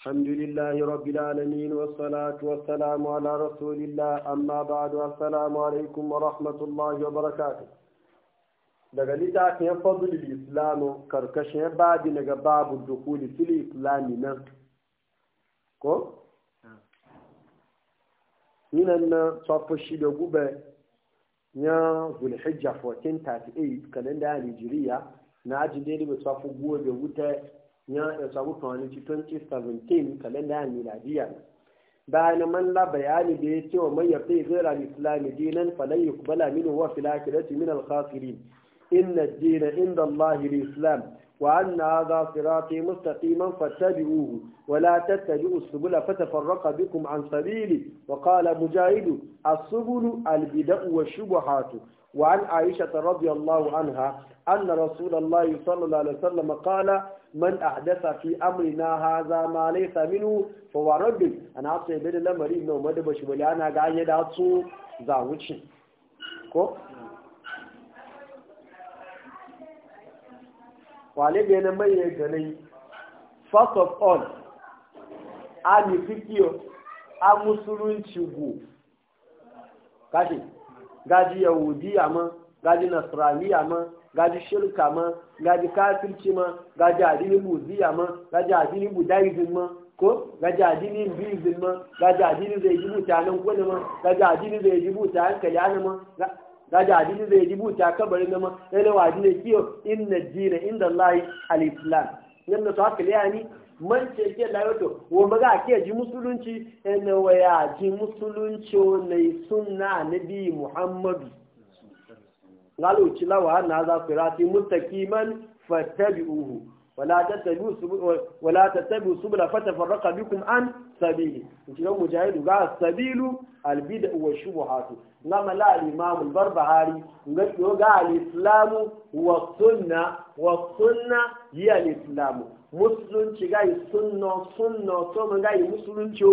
الحمد لله رب العالمين والصلاة والسلام على رسول الله أما بعد السلام عليكم ورحمة الله وبركاته daga littafin fadlul islamu karkashin babi daga babu dukuli fili islami nan ko yinan na tsofa shi da gube ya zulhijja 1438 kalenda hijiriya na ajin daidai ba gobe wuta ya ya sabu kawani ci 2017 kalenda ya miladiya bayan man la bayani da ya cewa wa man yafi ghayra al-islam dinan falan yuqbala minhu wa fil akhirati min al-khasirin inna dina inda Allah al-islam وأن هذا صراطي مستقيما فاتبعوه ولا تتبعوا السبل فتفرق بكم عن سبيلي وقال مجاهد السبل البدع والشبهات وعن عائشة رضي الله عنها أن رسول الله صلى الله عليه وسلم قال من أحدث في أمرنا هذا ما ليس منه فهو رب أنا أصيب لما ريبنا ومدبش ولي أنا قاعد يدعصو زاوتشي كو wale da yana mai ya ganai first of all a ni fikiyo a musulunci gu kashi gaji yahudiya ma gaji nasraniya ma gaji shirka ma gaji kafirci ma gaji adinin buziya ma gaji adinin budaizm ma ko gaji adinin buizm ma gaji adinin zai ji mutanen gwani ma gaji adinin zai ji mutanen kalyana ma gaji hadisi zai ji buta kabarin nama yana wa hadisi kiyo inna jina inda Allah al-islam yanda to haka ni man ce ke yato wa maga ke ji musulunci yana waya ji musulunci ne sunna nabi muhammadu ngalo cilawa na za ku rati muttaqiman fattabi'uhu wala tattabi wala subula fatafarraqa bikum an sabili kiga mujahidu ga sabilu albid'u wa shubuhatu ngama la al-imam al-barbahari ngato ga al-islamu wa sunna wa sunna hiya al musulunci ga sunna sunna to ga musulunci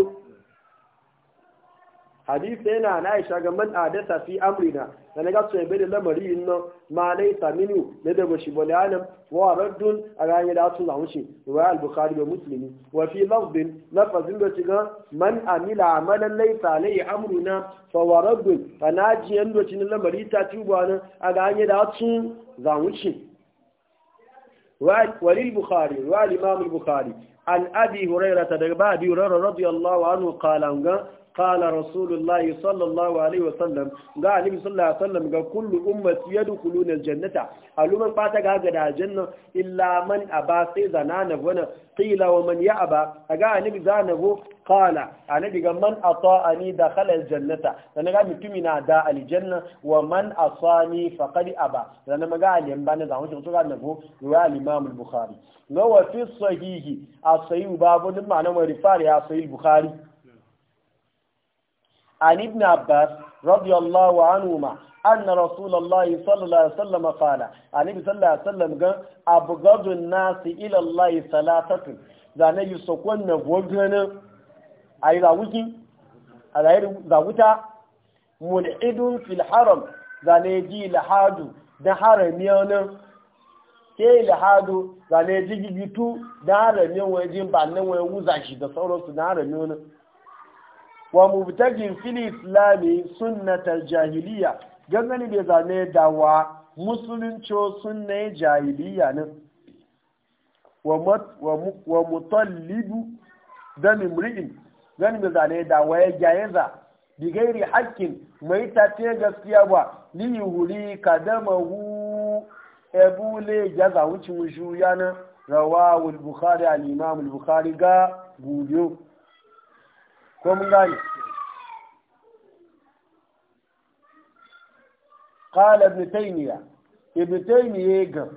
hadisi yana na aisha ga man adasa fi amrina da na gasu bai da lamari no ma laisa minu da da bashi bulanan wa raddun a ranar da su zamu shi riwaya al-bukhari da muslimi wa fi lafdin lafazin da shiga man amila amalan laisa alai amruna fa wa raddun fa naji yando cin lamari ta tuba nan a ranar da su zamu shi ولي البخاري والإمام البخاري عن أبي هريرة دقباء أبي هريرة رضي الله عنه قال qala rasulullahi sallallahu alaihi wa sallam ga alibi sallallahu alaihi wa sallam ga kullu ummati yadkhuluna aljannata aluman fata ga ga aljanna illa man aba sai zanana wana qila wa man ya'aba ga alibi zanabo qala alibi ga man ata'ani dakhala aljannata dan ga mutumi na da aljanna wa man asani faqad aba dan ma ga alim bana zan wuce to ga nabo ya al-imam al-bukhari wa fi sahihi asayu babu din ma'ana wa rifari asayu al عن ابن عباس رضي الله عنهما أن رسول الله صلى الله عليه وسلم قال النبي صلى الله عليه وسلم قال أبغض الناس إلى الله ثلاثة zane yi sokon na gwagwanin a yi zawuki a zahiri zawuta mul'idun fil haram zane ji lahadu da haramiyanin ke lahadu zane ji gigitu da haramiyan wajen ba nan wajen wuza da sauransu da haramiyanin wa mubtagin fil islami sunnatal jahiliya gangani bai zane dawa musulunci sunne jahiliya ne wa mutallibu dan imri'in gani bai zane dawa ya jayeza bi gairi hakkin mai ta ce gaskiya ba ni yuhuri kadamahu ebule jaza wucin wujuya rawahu al bukhari al-imam al-bukhari ga gudu ko mun gane قال ابن تيمية ابن تيمية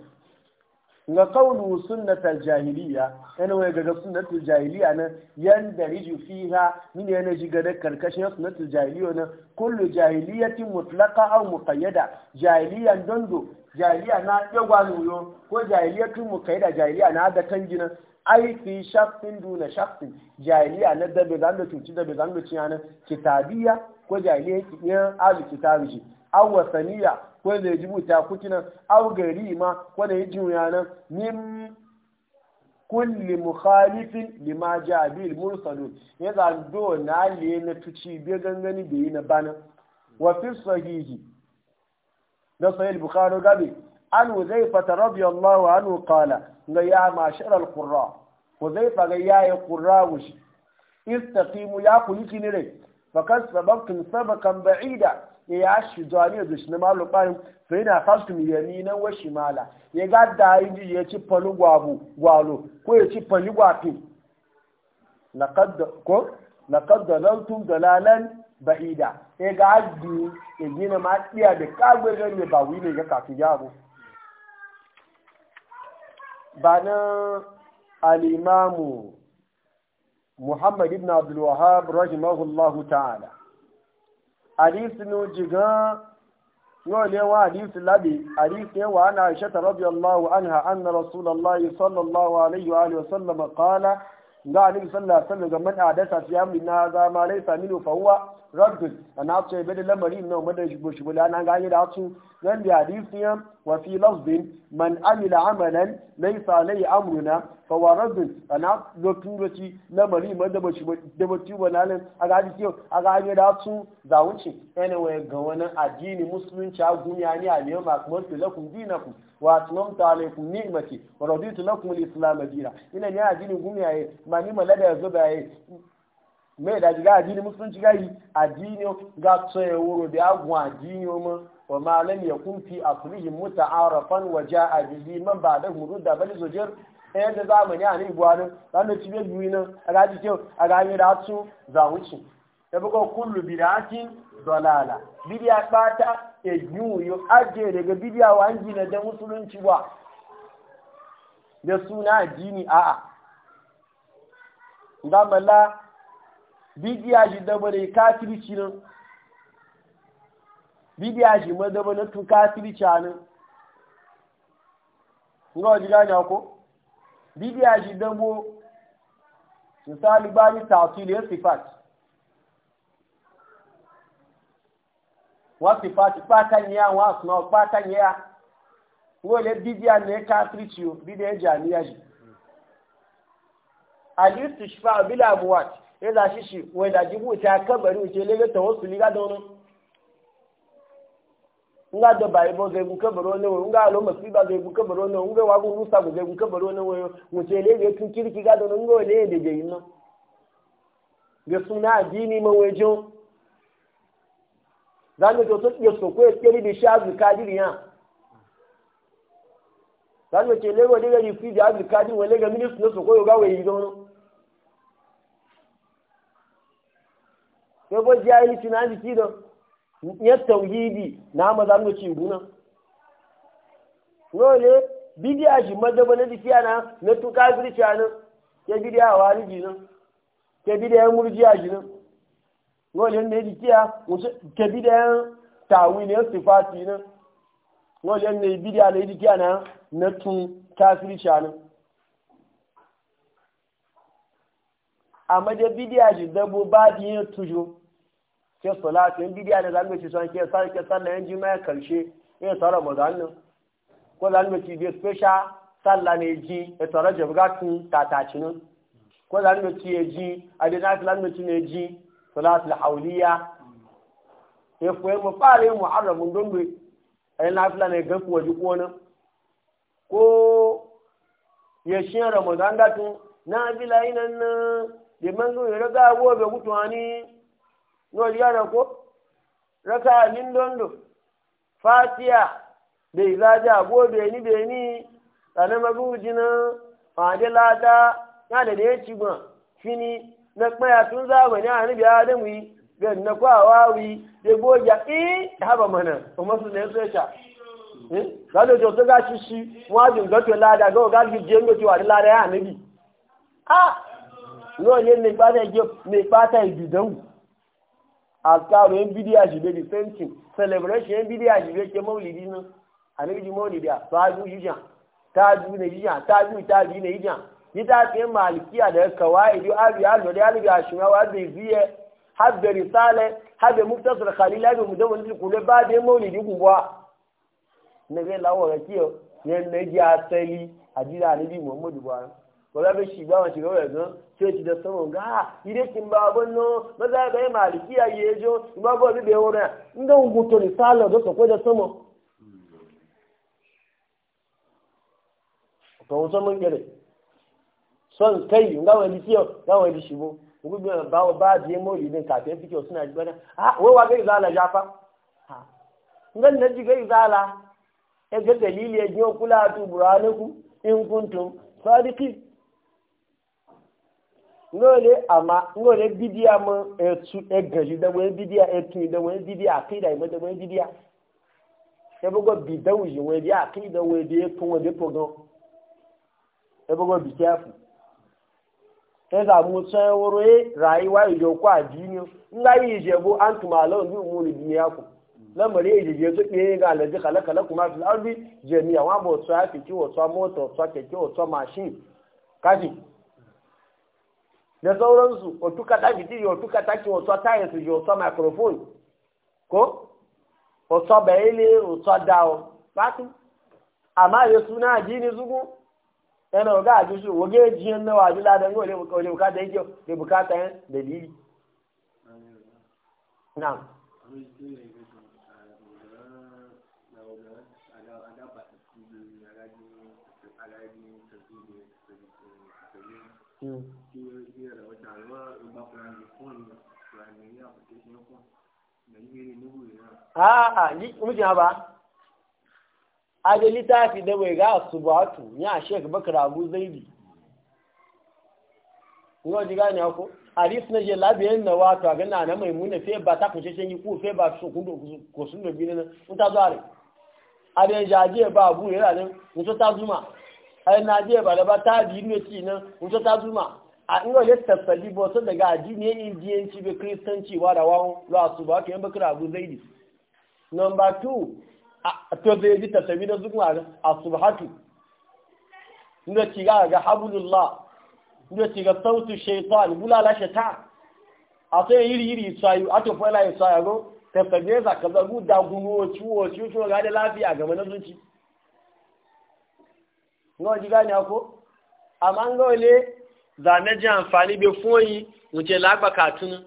ga kaunu sunnatar jahiliya yana wani gaga sunnatar jahiliya na yanda riju fiha min yana ji da karkashin sunnatar jahiliya na kullu jahiliyatin mutlaka aw muqayyada jahiliyan dondo jahiliya na yagwa nuyo ko jahiliyatin muqayyada jahiliya na da kan gina ai fi shafin duna shafin jahiliya na dabe zan da cuci dabe zan da ciyana kitabiya ko jahiliya ya azu kitabi shi aw wasaniya ko da buta kutina gari ma ko da juyana min kulli mukhalifin lima jaa bil mursalun ya za do na le na tuci be gangani be na bana wa fi sahihi da sahih bukhari gabe an huzaifata radiyallahu anhu qala ga ya mashar alqurra huzaifa ga ya yi qurra wushi istaqimu ya kuli kini re fakas sabaqtum sabaqan ba'ida ya shi jani da shi na malukan fa yana fastum yaminan wa shimala ya ga da yi ya ci falu gwabu gwalo ko ya ci falu gwafi laqad ko laqad dalaltum dalalan ba'ida ya ga addu ya gina ma tsiya da kagwe ne ba wi ne ga kafin yaro بنا الإمام محمد بن عبد الوهاب رحمه الله تعالى أليس نجيغا يوليو أليس لبي أليس وأنا عائشة رضي الله عنها أن رسول الله صلى الله عليه وآله وسلم قال ga annabi sallallahu alaihi wasallam man adasa fi amrina za ma laysa minhu fa huwa radd ana ce bai da lamari na madan da go shibula nan ga da su dan da hadisiyan wa fi lafzin man amila amalan laysa alai amruna fawaradus ana lokacin doci na mari ma da bashi banalin a ga ji a ga da su zawunci anyway ga wani addini musulunci a duniya ne a ne ma kuma su lakum dinakum wa atmamtu alaykum ni'mati wa raditu lakum islam dina ina ne addini duniya ye ma ni malaga ya zuba ye me da ga addini musulunci ga yi addini ga tsaye wuro da agun addini ma وما لم يكن في أصله متعارفا وجاء به من بعده da بل زجر ɗaya da zamani a nan buwanin ranar cibiyar biyu nan a gaji kyau a gani da za wuce ya buga kullu bidatin dalala bidiya bata e yuyu aje daga bidiya wa an gina da musulunci ba da suna addini a'a gamala bidiya shi daba da kafirci nan bidiya shi madaba na tu kafirci nan ga wajen gani ko bidiya shi dambo misali bayi tatiliyar sifat wa sifat pakanya wa suna pakanya wole bidiya ne kafirciyo bidiya jami'a shi alistishfa bila muwat ya zashi shi wai da jibuta kabari wuce lagos ta wasu liga da wani nga da ibo, bo zai guka ne wo nga lo masu ba zai guka baro ne nga wa gun rusa go zai guka baro ne wo mu ce le ga tun kirki ga don ngo le de je yin ga suna dini ma wejo to so ko e bi sha zu kadiri ya ce le wo ga fi zu kadiri wo le ga minis no so ko ga we ya tauhidi na maza mu ci guna dole bidiya shi madaba na dikiya na na tu kafirci nan ke bidiya waliji nan ke bidiya murjiya shi nan dole ne dikiya ke bidiya tawili sifati nan dole ne bidiya ne dikiya na na tun kafirci nan amma da bidiya shi dabo ba biyan tujo ke salatu in bidiya da zalmaci son ke sai ke sallah yan jima'a karshe ya ramadan mazan ko zalmaci bi special sallah ne ji ya e tsara tata tatacinin ko zalmaci ya ji adinat zalmaci ne ji salatu hawliya ya e koyi e mu fare mu haramun dole ai fila ne ga kuwa ji kona ko ya shi ramadan gatun na bila inan na da mangu ya raga gobe gutuwa ni no liyana ko raka min dondo fatiya da izaja go beni beni tsane magu jina fade lada ya da ne ci fini na kpaya tun zamani a ni biya da wi ga na kwawa wi da goja i da haba mana o masu ne sai hmm. eh? jo to ga shi shi ga gato lada ga ti wa lada ya ah hmm. no je n'i ta ibidan azkaru yan bidiya shi bai dispensing celebration yan bidiya ke maulidi nan a na maulidi a saju jijan ta ju ne jijan ta ju ta ju ne jijan ni ta ce malikiya da kawai da abi alwa da alibi ashima wa da ziye har da risale har da khalil abi mudawwal ba maulidi ne ga lawa rakiyo ne ne ji asali a jira ne muhammadu ba wala bai shi ba wa shiga wa yanzu sai ci da saman ga ire kin ba banno maza bai maliki ya yi jo ba ba bi bai wona inda un guto ni sala da so ko da saman ka wuce mun gere son kai nga wani kiyo nga wani shibo ugu bi ba ba je mo yi din ka fike suna ji bana ah wai wa gai zala jafa ha ngan na ji gai zala ya ga dalili ya ji kula tu buraniku in kuntum sadiki ngole ama ngole bidia mo etu egaji da we a etu da we bidia a mo da we bidia ebogo dị yi we bidia akida we bidia we de eza mu tsan woro e yo nga yi je bo antuma lo mu ni ko yi e je ga alaji kala kala kuma fil ardi jami'a wa bo tsafi ki wo tsa moto tsa keke wo tsa machine kaji da sauransu otu kata fitiri otu kata ki wasu tayin ji microphone ko wasu bayele wasu amma ya suna addini zugu yana waga a jishi wage jiyan na wajen ladan gole wale bukata yake da bukata yan dalili na a'a ni mujin ba aje littafi da bai ga subatu ya shek bakar abu zaidi ngo ji gane ko hadis na je labiyan na wato a ganna na maimuna fe ba ta kunce shin ku fe ba su kundo ko sun da bi ne mun a zare aje jaje ba abu yana nan mutu ta zuma ai na je ba da ba ta bi ne ci nan in ta a in ga tafsali bo sun daga addini ne indiyanci be kristanci wa da wawo la su ba ke bakira abu zaidi number 2 to zai ji tafsali na zuma asubhatu inda ci ga ga habulullah inda ci ga sautu shaytan bulala shata a sai yiri yiri sayu a to fala ya sayu tafsali za ka zagu da gunuwa ciwo ciwo ga da lafiya ga manazunci ńgọ́ jí gáà ní akó àmá ńgọ́ ilé zànẹ́jì àǹfààní bẹ fún òyì ǹjẹ́ lágbàkà túnú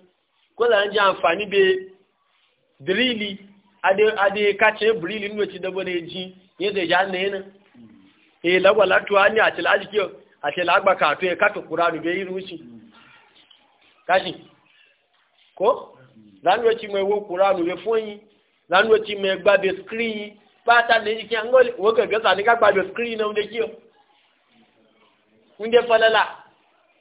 kó zànẹ́jì àǹfààní bẹ dìrìlì adé bìrìlì nínú ti dọ́gbọ́ ní jí yẹn zẹ̀ já ní ẹ̀nà èyí lọ́gbà látọ́ á ní àti lágbàkà tún ẹ̀ kátó kúrò irú sí káṣí kó zànẹ́jì ti mọ ewó kúrò àdùgbé fún òyì zànẹ́jì ti mọ ẹgbàgbé skrin yìí pátá lè jí kí wọ́n kẹ̀kẹ́ sàníkà kunde falala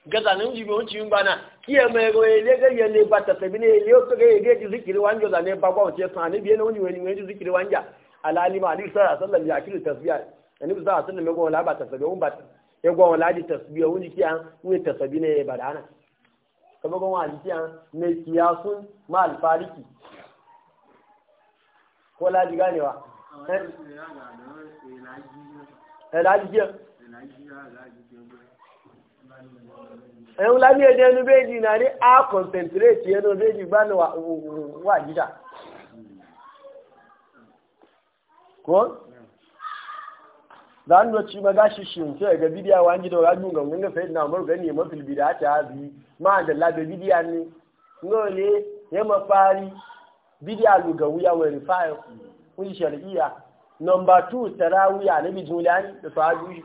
gaza nan jibe wanci yin bana kiye mai goye ne ga yalle ba ta tabi ne le to ga yage ji zikiri wanjo da ne ba kwa wace san ne biye ne wani wani wani zikiri wanja alali ma ali a alaihi wasallam ya kiri tasbiya annabi e sallallahu alaihi wasallam ya ba ta tabi un ba ya gwa wala di tasbiya wani kiya ne tasbi ne ba da ana kaba gwa wani kiya ne kiyasun ma alfariki ko la ji ganewa eh la ẹ̀hún lábí ẹ̀dẹ́ ẹnu méjì náà ní a concentrate ẹnu méjì gbá ní wà jíjà kó zanu ci maga shi shi nke ga bidiya wa ji da wa gun gun ga fayyid na umar gani ma bidiya ta bi ma ne ngole ya mafari bidiya lu ga wuya wa rifa'i kun da sahabi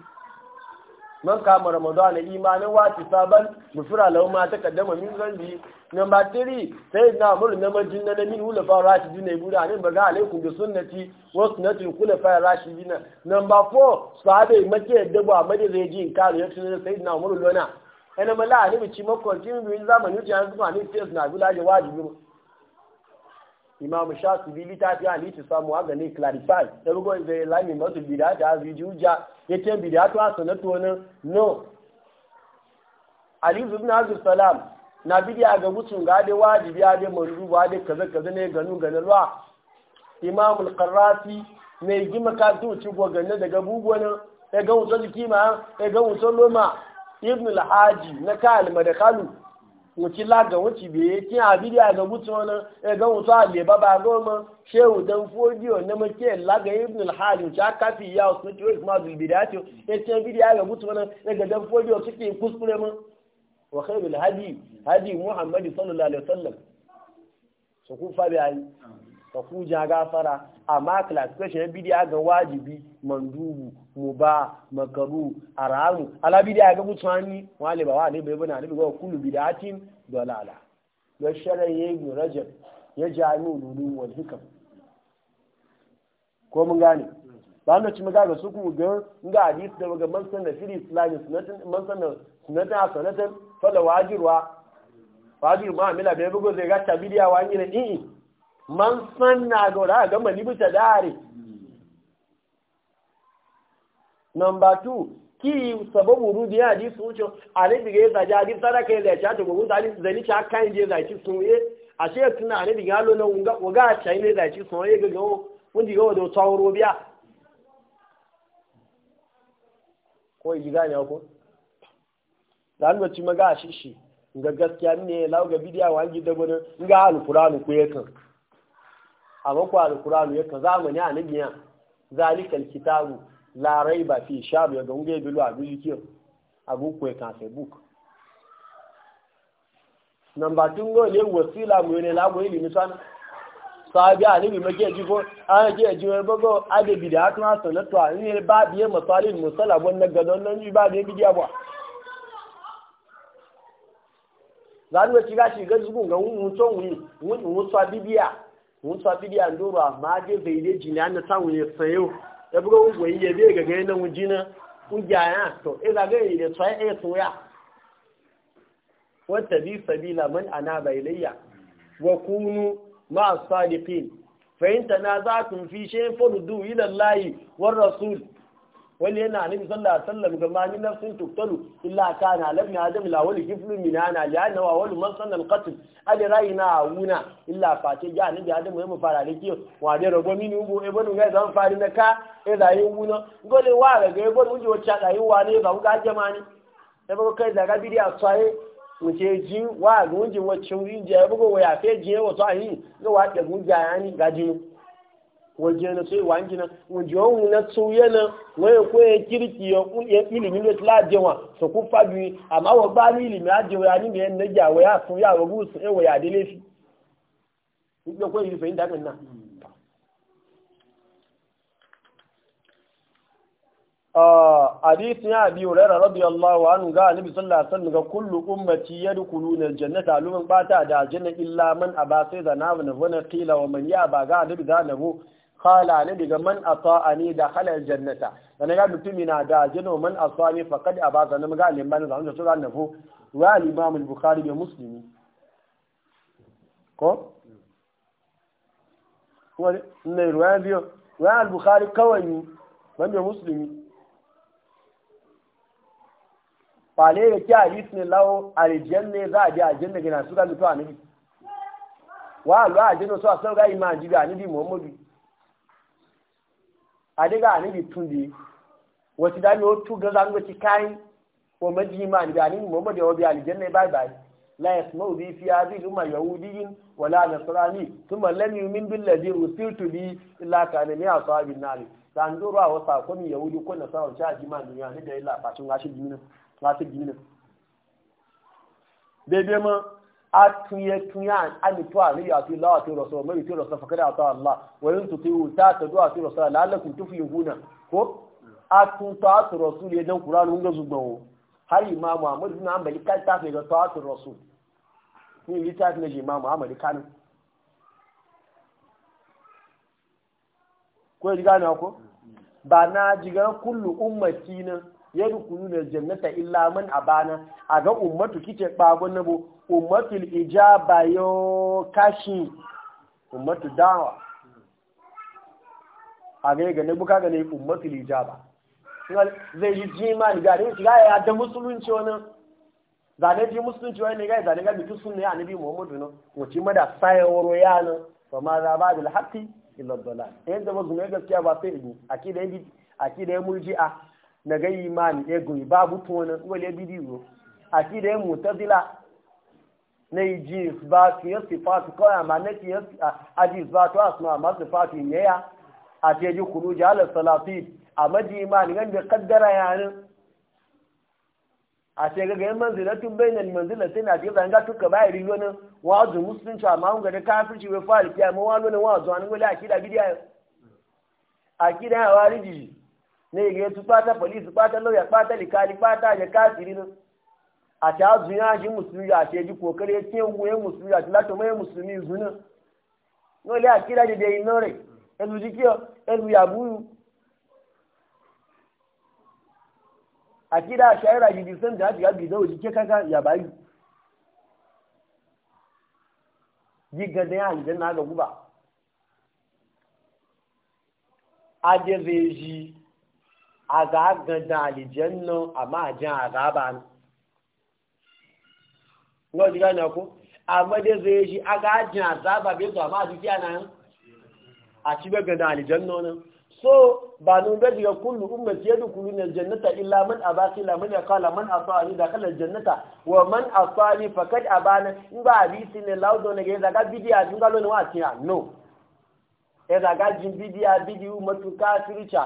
man kama ramadan imanin wati saban musura lahu ma kaddama min zanbi number 3 sai na mur na majin na min hulafa rashidin ne da ne baga alaikum bi sunnati wa sunnati khulafa rashidin number 4 sahabe make da ba made zai ji kare yace ne sai na mul lona ana mala ne bi ci makon tin bi zamanin ji an zuwa ne sai na gulaje wajibi imamu shafi littafi a litu samu a gane clarify da bugon zai lami masu bidata a zuji hujja ya ce bidata a sanatu wani no ali na azu salam na bidiya ga mutum ga dai wajibi ya dai mandu ba dai kaza kaza ne ganu ganu ruwa imamu al mai gima ka ci gwaganne daga bugonan ya ga wutar ma ya ga wutar loma ibn al-haji na ka da madakalu wuci laga wuci biye kin abidi a ga mutu wani e ga mutu a leba ba goma shehu dan fodiyo na mace laga ibn al-hajj wuci aka fi ya su ci wai kuma bilbidati e ce bidi a ga mutu wani e ga dan fodiyo suke kuskure mu wa khairul hadi hadi muhammad sallallahu alaihi wasallam su kufa bi ayi ka kuja gafara amma classification ya bidiya ga wajibi mandubu muba makaru aramu ala bidiya ga mutane wale ba wale bai bana ne ga kullu bidatin dalala ya sharaye ibn rajab ya jami'u lulu wal hikam ko mun gane ba na ci maga ga su ku ga ga hadis da ga man da fil islam sunnatin man sanar sunnatin sunnatin fala wajirwa wajir ma amila bai bugo zai ga tabidiya wani ne eh man sanna ga wada ga mani bisa dare number 2 ki sababu rudi ya ji sun ce alibi ga yasa jadi sadaka ya zai ta gogo zani zani ta kan je zai ci sun ye a ce tuna alibi ga lo nan ga ga ta ne zai ci sun ye ga ga mun ji ga wado tsawro biya ko yi gane ko dan ba ci maga shi shi ga gaskiya ne lawo ga bidiya wangi da gona ga alqur'ani ko yakan a bakwa ya ka zamani a nabiya zalikal kitabu la raiba fi shabu ya gunge bilu a biyu kiyo a gukwe kan facebook namba tun le wasila mu ne ilimi sana sabi a nabi make ko an ji ji bago adabi da hatuna sanatu a ne ba biye masalin musala wanda gadon nan ji ba biye bidiya ba zanuwa shiga shiga zugun ga wuntun wuyi wuntun wusa bibiya musa bidi an doro amma je bai dai jini an sayo da buga ugwe yi bai ga gani nan wujina ujaya to e za ga yi da tsaye e soya wata bi sabila man ana bailayya wa kunu ma as-sadiqin fa in tanaza'tum fi shay'in faruddu ila Allah war rasul wani yana annabi sallallahu alaihi wasallam ga ma nafsin tuktalu illa kana lam ya adam la wal kiflu min ana ya na wa wal masan al qatl ali raina wuna illa fati ya annabi adam ya fara da kiyo wa da rago mini ubo e bonu ga zan fari na ka e da yi wuna gole wa ga ga e bonu ji wacce da yi wa ne ga ga e ba kai da ga bidi a tsaye mu ji wa ga wacce ya bugo wa ya fe ji wa ga wa ga waje na sai wangi na waje wani na tsoye na wani kwaye kirki ya ilimin da tula jewa su kun fabi amma wa ba ni ilimin a jewa ya ni da yan na jawa ya sun ya wabu su ewa ya dele shi da kwaye yi fahimta kan na hadith ya abi hurairah radiyallahu anhu ga annabi sallallahu alaihi wasallam ga kullu ummati yadkhuluna aljannata alumin bata da aljanna illa man aba sai zanabu na wana qila wa man ya ba ga annabi zanabu kala ne daga man ata ne da halar jannata da na ga mutumi na da jino man ata ne faƙaɗi a baza na maga liman da wanda tura nafo wa al bukari bukhari musulmi ko kuma ne ruwa biyo Wa al-bukhari kawai ni ban bai musulmi fale da kya su ne lawo ne za a je aljanna gina su ga mutuwa nabi wa alwa jino su a sauga iman jibi a bi muhammadu adiga anibi tunde wati dami o tu gaza ngo ci kai wa ma ni ani muhammad yawabi aljanna bye bye la yasma'u bi fi hadhihi umma yahudiyyin wa la nasrani thumma lam yu'min billadhi ursiltu bi illa kana min ashabin nar dan duro wa sa ko mi yahudi ko nasara ji ma duniya ne da illa fa tun gashi dinin gashi dinin bebe ma a tuye tuyan an to a riya fi lawa to rasul mai to rasul fakada ta Allah wa ta ta du'a fi ko a tun ta ta rasul ya dan ga zubawo har imam Muhammad bin Hanbal kan ta fi ga ta ta ni yi ta ne imam Muhammad ko na jigan kullu ummati yadkhuluna jannata illa man abana ga ummatu kike bagon nabo ummatul ijaba yo kashi ummatu dawa a ga ne buka ga ne ummatul ijaba zai yi jimani ga ne shiga ya da musulunci wani zane ji musulunci wani ga zane ga bitu sunna ya annabi muhammadu no wace mada sayawaro ya no fa ma za ba bil haqqi illa dalal yanda ba zuwa gaskiya ba sai ido akida yi akida ya murji'a na ga imani egoyi babu tona wale bidiyo a ki da ya e dila na yi ji ba su yi sifatu kawai amma na ki yi a ji ba to asma amma sifatu ne ya a ce ji kuru ji halar salafi a maji ni gan da kaddara yanin a ce ga man manzilatun bainal manzilatun na ce zanga tuka bayan riyonin wazu musulunci amma hun gada kafirci bai fara kiyama wani wani wazu wani wani A ki da ya wari jiji na ile su pata police pata lawyer pata likali pata ya kafiri no a ta zuya shi musulmi a ce ji kokari ya ce wuye musulmi a tilato mai musulmi zuna no da akira de de inore elu dikio elu ya buyu akira shaira ji sun da ya bi da dike kaka ya bayu ji gada ya aljanna ga guba ji. a gandan gada alijan nan amma a jan a gaba ne. Ngo ji gane ku? Amma dai zai shi a ga ajin a zaba bai zuwa ma a dukiya na yan? A ci gandan gada alijan nan So, ba nun gaji ga kullu umma ce da kullu na jannata illa man a baki la man ya kala man a sa'ani da kalar jannata wa man a sa'ani fakad a bana in ba a bi su ne laudo na gaisa ga bidiya sun galo ne wa a ciya no. Ya zaga jin bidiya bidiyu matuka firca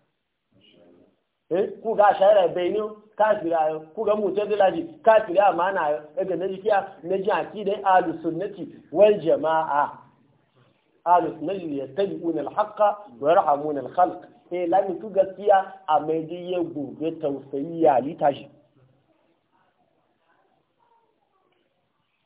Eh, ku ga shayara benin kafira yau ku ga mutar dilaji kafira amana yau daga eh, na jikiya na ji akidai alusunnati wal jama'a alusunnati ya tabi unal haƙa wa rahamun alhalk eh lami ku gaskiya a mai diye gobe tausayi ya lita shi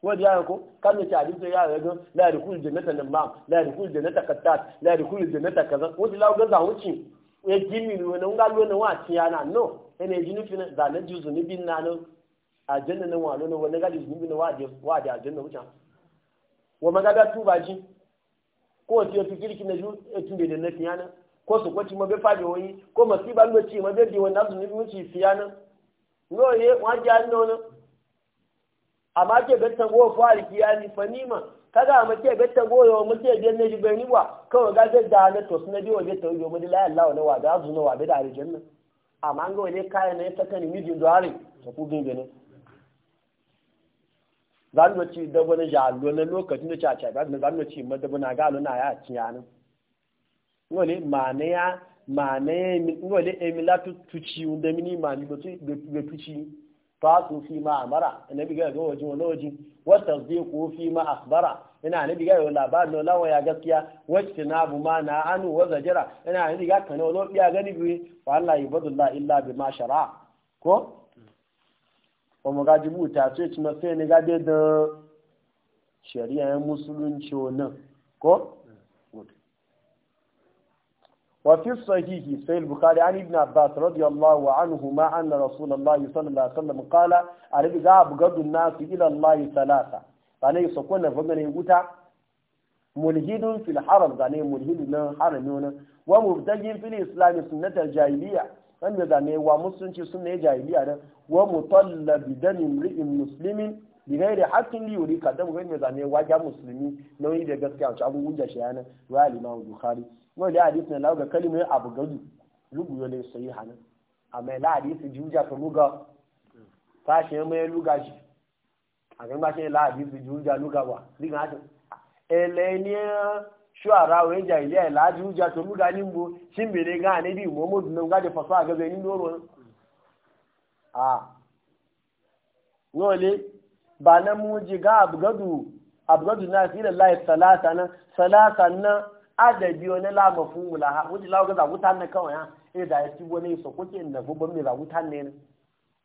wadda ya ko kan mace abin da ya rago la rikul jannata nan ma la rikul jannata qattat la rikul jannata kaza wadda la ga zawuci ya jimi wani nga na wati yana no ene jini na da na juzu ni bin na no ajanna e na walo na wani gali zubi na wadi wadi ajanna wuce wa magada tuba ji ko ti kirki na ju tunde da na fiyana ko su kwaci ma be fadi wani ko masiba lo ci ma be di wani azu ni mu no ye amma ke betta go fari kiyani fanima kaga ma ke betta go yo mu ke janna ji bani wa kawai ga ga da na to sunabi wa betta yo mu la Allah na wa da azu na wa da aljanna amma ga wale kaya ne ta kan miji zuwari ta ku gin gane zan mu ci da wani jalo na lokacin da caca ga zan mu ci ma da bana ga na ya ci yana ma mane ya mane wale emilatu tuci unda mini mani go tuci fasu fi ma amara ina ga ga wajen wani wajen wata zai ko fi ma asbara ina annabi ga yau labarin na lawan ya gaskiya wacce na bu ma na anu wa zajira ina annabi ga kana wani biya gani biyu wa Allah la illa bi ma shara ko Ko mu gaji ta ce ci ma sai ni ga da shari'a musulunci wannan ko وفي الصحيح سيد البخاري عن ابن عباس رضي الله عنهما أن رسول الله صلى الله عليه وسلم قال أريد أبغض الناس إلى الله ثلاثة فأنا يسكون فمن يقول ملهد في الحرم يعني ملهد من الحرم ومبتج في الإسلام سنة الجاهلية أن يعني ومسلم في سنة الجاهلية ومطلب دم امرئ مسلم بغير حق ليوري قدم غير يعني وجه مسلمين نوعي ده بس كان شعب وجه ما هو البخاري wọ́n lé àdìsí náà láwùjọ kẹ́lí mi àbùgọ́dù lùgbùyọ lè sọ yìí hànà àmọ́ ẹ̀ láàdìsí tó fáṣẹ ẹ lúgà jù àgbẹ̀gbàṣẹ láàdìsí lúgà wà nígbà tó ṣó ara ìjà ilé ẹ̀ láàdì tó lúgà tí gan ìmọ̀mọ́dù náà gájọ fọ́fọ́ àgẹ́gẹ́ nínú òrò wọ́n lé adabi wani lama wula ha wuce lawa gaza zagutan na kawai ha e da ya ci wani so kuke na gubban mai zagutan ne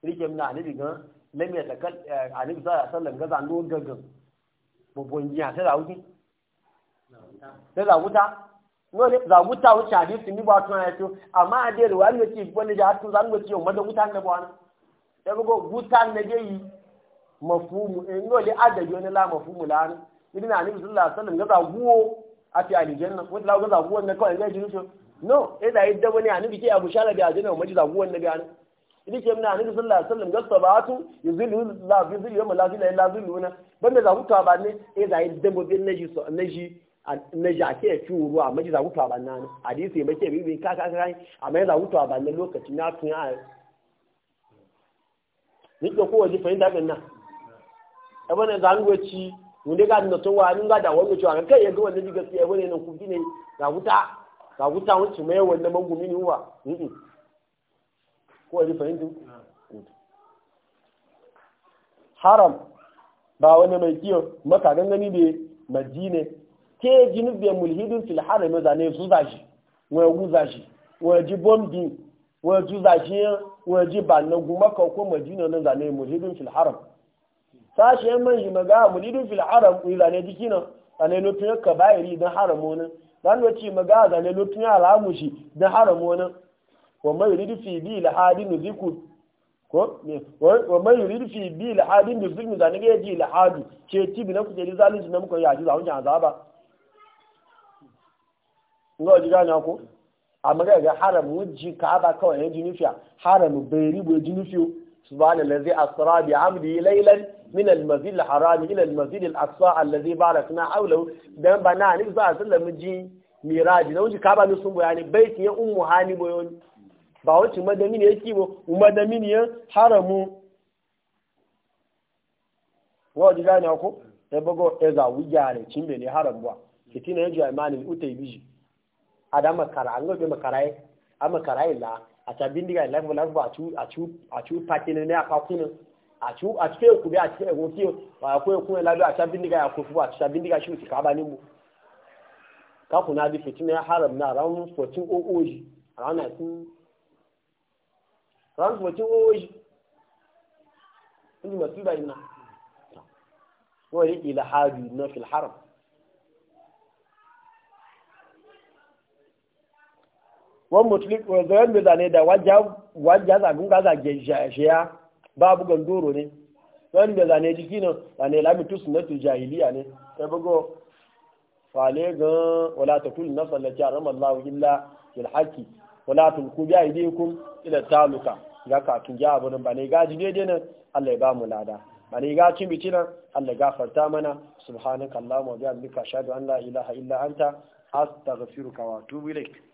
rike mina a nabi gan lam ya takal a nabi sa sallan ga zanu gaggan bubun jiya ta zaguti ta wuta no ne za wuta wuce a hadisi ni ba tun ya ce amma a dai ruwa ne ci wani ja tun zanu ci yau da gutan da bwana da bugo gutan na dai mafumu eh no le adabi wani lamafumu fungula ne ibn ali sallallahu alaihi wasallam ga zaguwo àti àlìjẹ́nà wọ́n ti láwọn gbọ́dọ̀ àwọ̀ ọ̀nà kọ́ ẹ̀rẹ́ ìjìnú tó no ẹ̀dà ìdẹ́wọ́ ní àníbi kí àbùṣálà bí àjẹ́nà ọmọ jìdà àwọ̀ ọ̀nà bí àná ìdí kí ẹ̀mí àníbi sọ́lá sọ́lá gọ́sọ̀ na? tún ìzílù láàbí ìzílù yọmọ láàbílẹ̀ láàbílù náà na lokaci na wunde ga na to wani ga da wani cewa kai yanzu wannan ji gaskiya wani nan kuɗi ne ga wuta ga wuta wancin mai wannan mangumi ne wa ko wani fahimtu haram ba wani mai kiyo maka gangani majine ke fil haram su zashi wani guza shi wani ji bombin wani ji zashi wani ji ba na gumaka ko majina zane fil sashen man manji maga mulidun fil haram ku zane ne dikina zane lotun ya ka bayiri don haramu dan zan ci maga zane lotun ya alamu shi don haramu nan wa mai yuridu fi bi lahadi nuziku ko wa mai yuridu fi bi lahadi dan ne ji yaji lahadu ce bi na kuce zalunci na ya yaji za wajen azaba ngo ji gana ko amma ga haram wujji ka ba kawai ya jinufiya nufiya haram bai ribo ya subhana allazi asra bi amdi laylan min al-masjid al-haram ila al-masjid al-aqsa allazi barakna hawlahu dan bana ni za sallam ji miraji na wuji ka ba sun bayani baitin ya ummu hani boyon ba wacce madami ne yake bo madami Ya haramu wa ji gani ko sai bago eza wujare cimbe ne haram ba fitina yaji imani utai biji adama kara an gobe makarai amma karai la àti abíndigà ìlànà lágbà àti pàkínní ní àpapínú àti àti èkúbẹ àti ẹwọn tí wàá kó ekun ẹ lábẹ àti abíndigà àkófó àti abíndigà ṣì ti haram na round fourteen oh o yìí ran na tin ran oh tin o ó ti mọ̀ sí báyìí náà wọ́n ila hadi na fil haram. wọn mutulik zayen mai zane da wajen zagun gaza jashiya babu gandoro ne zayen mai zane jiki nan zane lamitu sunatu jahiliya ne ta bugo fale gan wala ta kuli na tsallaci a ramar lawu illa bil haki wala ta ku biya ide kun ila taluka ga katun ya abu nan ba ne gaji daidai nan allah ya ba mu lada ba ne ga cin bici nan allah ya gafarta mana subhanaka allahumma bihamdika ashhadu an la ilaha illa anta astaghfiruka wa atubu ilaik